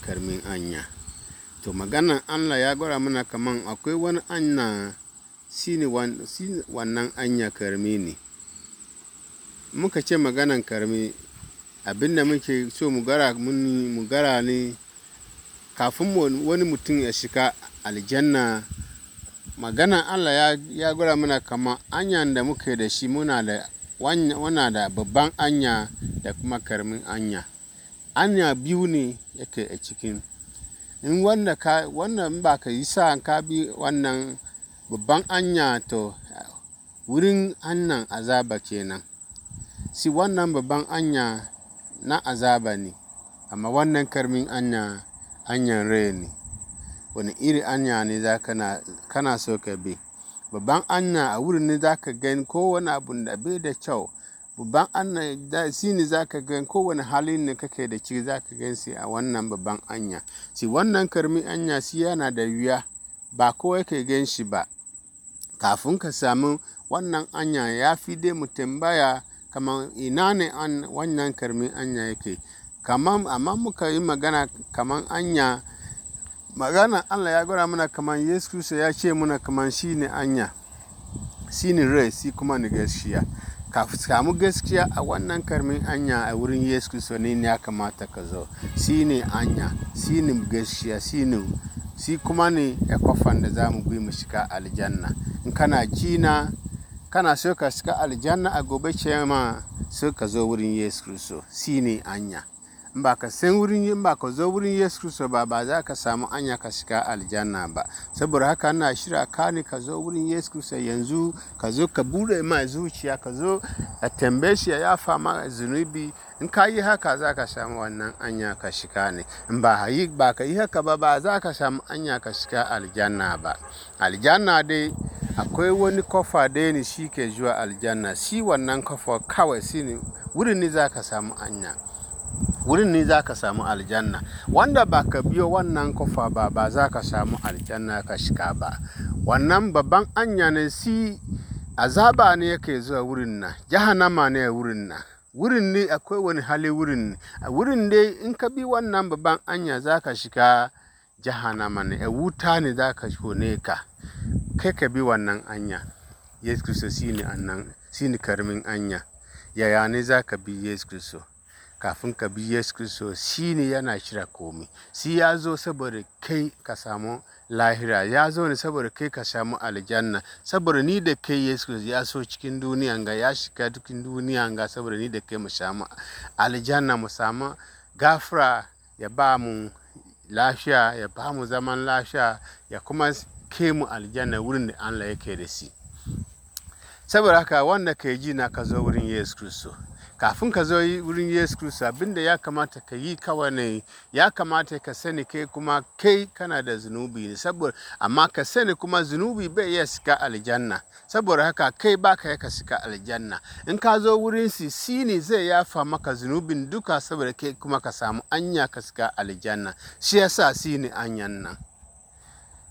karmin anya to magana allah ya gwara mana kaman akwai wani anya shine wannan anya karmi ne muka ce maganan karmi abinda muke so mu gara mu gara ne kafin wani mutum ya shiga aljanna magana allah ya, gwara mana kama anyan da muke da shi muna da wana da babban anya da kuma karmin anya Anya biyu ne yake a cikin in wanda ka wannan ba ka yi sa ka bi wannan babban hanya to wurin hannun azaba kenan si wannan babban anya na azaba ne amma wannan karmin anya hanyar rai ne wani iri anya ne za kana, kana so ka bi babban anya a wurin ne za ka gani kowane wani abu da bai da kyau babban anya shi ne za ka gan kowane halin da kake da ci za ka gan shi a wannan babban anya shi wannan karmi anya shi yana da wuya ba kowai ka gan shi ba kafin ka samu wannan anya ya fi dai mu tambaya kamar ina ne wannan karmi anya yake kamar amma muka yi magana kamar anya magana allah ya gwada mana kamar yesu ya ce muna kamar shi ne anya shi ne rai shi kuma ne gaskiya ka samu gaskiya a wannan karmin anya a wurin yesu kristo ne ya kamata ka zo si ne anya si ne gaskiya si ne si kuma ne ya kofan da za mu bi mu shiga aljanna in kana jina kana so ka shiga aljanna a gobe ce ma so ka zo wurin yesu kristo si ne anya ba ka san wurin yin ba ka zo wurin yesu kristo ba ba za ka samu anya ka shiga aljanna ba saboda haka ana shirya ka ne ka zo wurin yesu kristo yanzu ka zo ka bude ma zuciya ka zo a tambaye shi ya fama zunubi in ka yi haka za ka samu wannan anya ka shiga ne in ba yi ba ka yi haka ba ba za ka samu anya ka shiga aljanna ba aljanna dai akwai wani kofa dai ne shi ke zuwa aljanna shi wannan kofa kawai shi ne wurin ne za ka samu anya wurin ne za ka samu aljanna wanda ba ka biyo wannan kofa ba ba za ka samu aljanna ka shiga ba wannan babban anya ne si azaba ne yake zuwa wurin nan jahannama ne wurin nan wurin ne akwai wani hali wurin ne A wurin dai in ka bi wannan babban anya za ka shiga jahannama ne A wuta ne za ka shone ka kai ka bi wannan anya yesu kristo si annan shine karmin anya yaya ne za ka bi yesu kristo kafin ka bi yesu kristo shi ne yana shirya komai shi ya zo saboda kai ka samu lahira ya zo ne saboda kai ka samu aljanna saboda ni da kai yesu kristo ya so cikin duniya ga ya shiga cikin duniya ga saboda ni da kai mu samu aljanna mu samu gafara ya ba mu lafiya ya ba mu zaman lafiya ya kuma ke mu aljanna wurin da allah yake da shi saboda haka wanda ka ji na ka zo wurin yesu kristo kafin ka zo wurin yesu kristo abinda ya kamata ka yi kawai ne ya kamata ka sani kai kuma kai kana da zunubi ne saboda amma ka sani kuma zunubi bai iya sika aljanna saboda haka kai ba ka sika aljanna in ka zo wurin si shi ne zai yafa maka zunubin duka saboda kai kuma ka samu anya ka sika aljanna shi yasa si ne anyan nan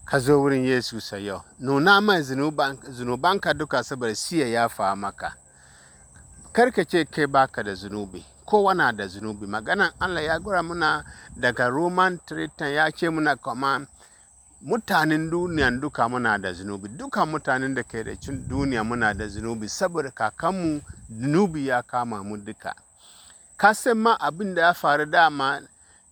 ka zo wurin yesu sayo nuna mai zunubanka duka saboda shi ya fa maka karka ce kai baka da zunubi kowa na da zunubi maganan allah ya gura muna daga roman tritan ya ce muna kama mutanen duniya duka muna da zunubi duka mutanen da ke da cin duniya muna da zunubi saboda kakanmu zunubi ya kama mu duka kasan ma abin da ya faru dama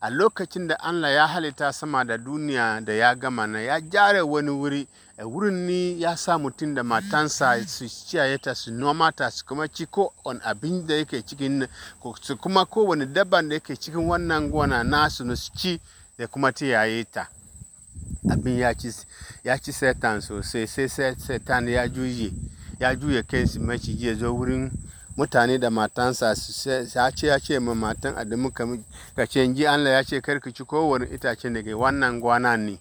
a lokacin da Allah ya halitta sama da duniya da ya gama na ya jare wani wuri a wurin ni ya sa mutum da matansa su ciyaye ta su noma ta su kuma ci ko on abin da yake cikin su kuma ko wani dabba da yake cikin wannan gona nasu su ci da kuma yaye ta abin ya ci satan sosai sai satan ya juye ya juye kai su maciji ya zo wurin mutane da matansa su ce ya ce ma matan adamu ka ce ji allah ya ce karki ci kowane itace daga wannan gwana ne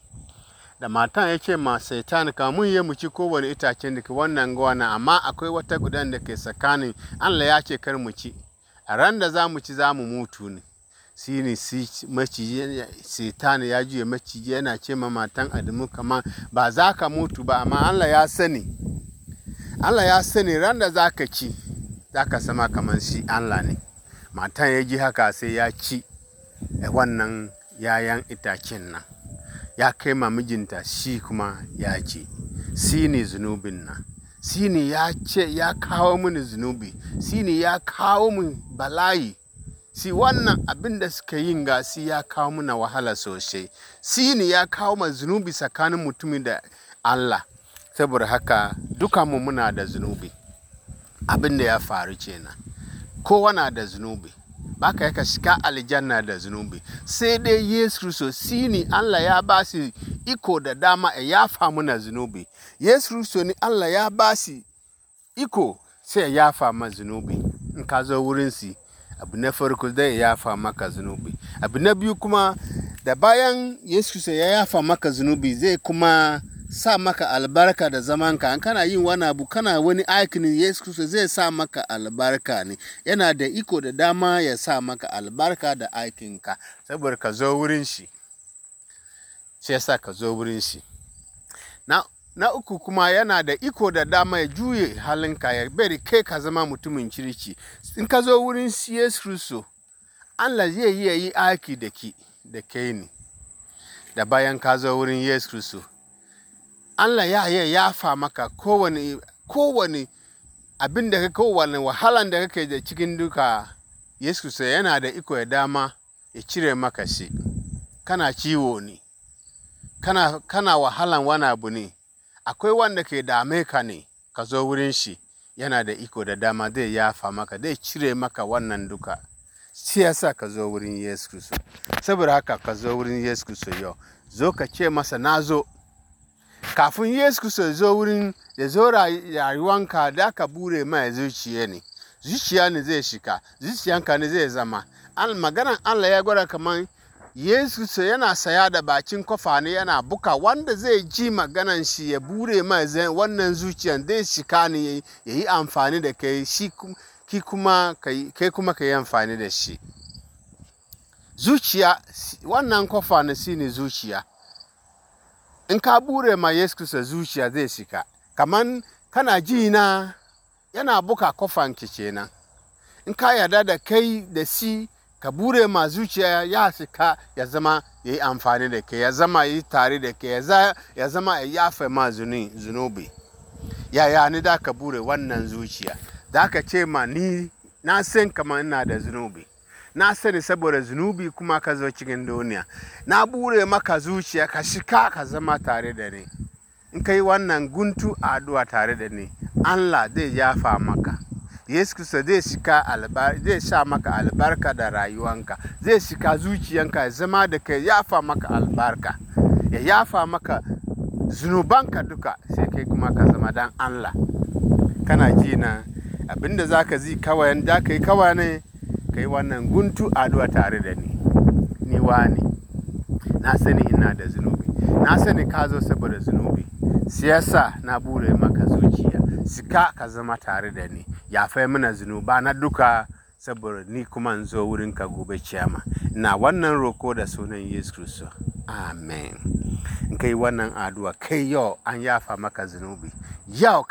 da matan ya ce ma satan yi ya ci kowane itacen da ke wannan gwana amma akwai wata gudan da ke tsakanin allah ya ce kar mu ci a ran da za mu ci za mu mutu ne shi ne satan ya juya maciji yana ce ma matan adamu kamar ba za ka mutu ba amma allah ya sani allah ya sani ran da za ka ci zaka sama kamar shi Allah ne matan ya ji haka sai ya ci wannan yayan itacen nan ya kai ma mijinta shi kuma ya ce shi ne zunubin nan shi ne ya ce ya kawo mini zunubi shi ne ya kawo min bala'i si wannan abin da suka yin gasi ya kawo mana wahala sosai si ne ya kawo ma zunubi tsakanin mutumin da allah saboda haka duka mu muna da zunubi abin da ya faru kenan kowa na da zunubi ba ka yaka shika aljanna da zunubi sai dai yesu kristo si ne allah ya ba su iko da dama e ya famu na zunubi yesu kristo ne allah ya ba su iko sai ya famu zunubi in ka zo wurin si abu na farko zai famu maka zunubi abu na biyu kuma da bayan yesu ya yafa maka zunubi zai kuma sa maka albarka da zamanka an kana yin wani abu kana wani aikinin yesu kristo zai sa maka albarka ne yana da iko da dama ya sa maka albarka da aikinka saboda ka zo wurin shi shi yasa ka zo wurin shi na, na uku kuma yana da iko da dama ya juye halinka ya bari kai ka zama mutumin kirki in ka zo wurin yesu kristo allah zai iya yi aiki da ki da kai ne da bayan ka zo wurin yesu kristo Allah ya ya yafa maka kowane kowane abin da kowane wahalan da kake da cikin duka Yesu sai yana da iko ya dama ya cire maka shi kana ciwo ne kana kana wahalan wani abu ne akwai wanda ke dame ka ne ka zo wurin shi yana da iko da dama zai yafa maka zai cire maka wannan duka shi yasa ka zo wurin Yesu saboda haka ka zo wurin Yesu yau zo ka ce masa na zo kafin yesu kusa zo wurin ya zo rayuwanka da aka bure mai zuciya ne zuciya ne zai shika zuciyanka ne zai zama an maganan allah ya gwada kamar yesu kusa yana saya da bakin kofa ne yana buka wanda zai ji maganan shi ya bure mai wannan zuciyan zai shika ne ya yi amfani da kai shi ki kuma kai kuma ka yi amfani da shi zuciya wannan kofa ne zuciya in ka bure ma yesu kristo zuciya zai shiga kaman kana ji na yana buka kice na in ka yarda da kai da si ka bure ma zuciya ya shiga ya zama ya yi amfani da ke ya zama ya yi tare da ke ya zama ya yafe ma zunubi yaya ni da ka bure wannan zuciya da ka ce ma ni na san kaman ina da zunubi na sani saboda zunubi kuma ka zo cikin duniya na bure maka zuciya ka shika ka zama tare da ni in kai wannan guntu a addu'a tare da ni allah zai yafa maka yesu kristo zai zai sha maka albarka da rayuwanka zai shika zuciyanka ya zama da kai yafa maka albarka ya yafa maka zunubanka duka sai kai kuma ka zama dan allah kana ji na abinda zaka ka zi kawai da ka yi kawai ne ka yi wannan guntu addu'a tare da ni ni wani na sani ina da zunubi na sani ka zo saboda zunubi siyasa na bude maka zuciya sika ka zama tare da ni ya fai mana zunuba na duka saboda ni kuma in zo ka gobe ciyama na wannan roko da sunan yesu kristo amen in yi wannan aduwa kai yau an yafa maka zunubi yau